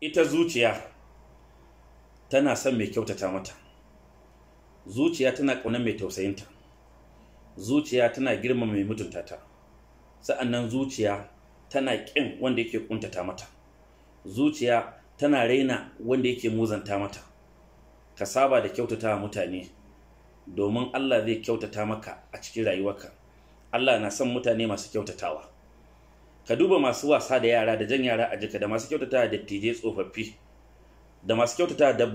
ita zuciya tana son mai kyautata mata zuciya tana ƙaunar mai tausayinta zuciya tana girmama mai mutunta ta sa'annan zuciya tana ƙin wanda yake ƙuntata mata zuciya tana raina wanda yake muzanta mata ka saba da kyautata mutane domin Allah zai kyautata maka a cikin rayuwarka Allah na son mutane masu kyautatawa ka duba masu wasa da yara da jan yara a jika da masu kyautata da dattijai tsofaffi da masu kyautata da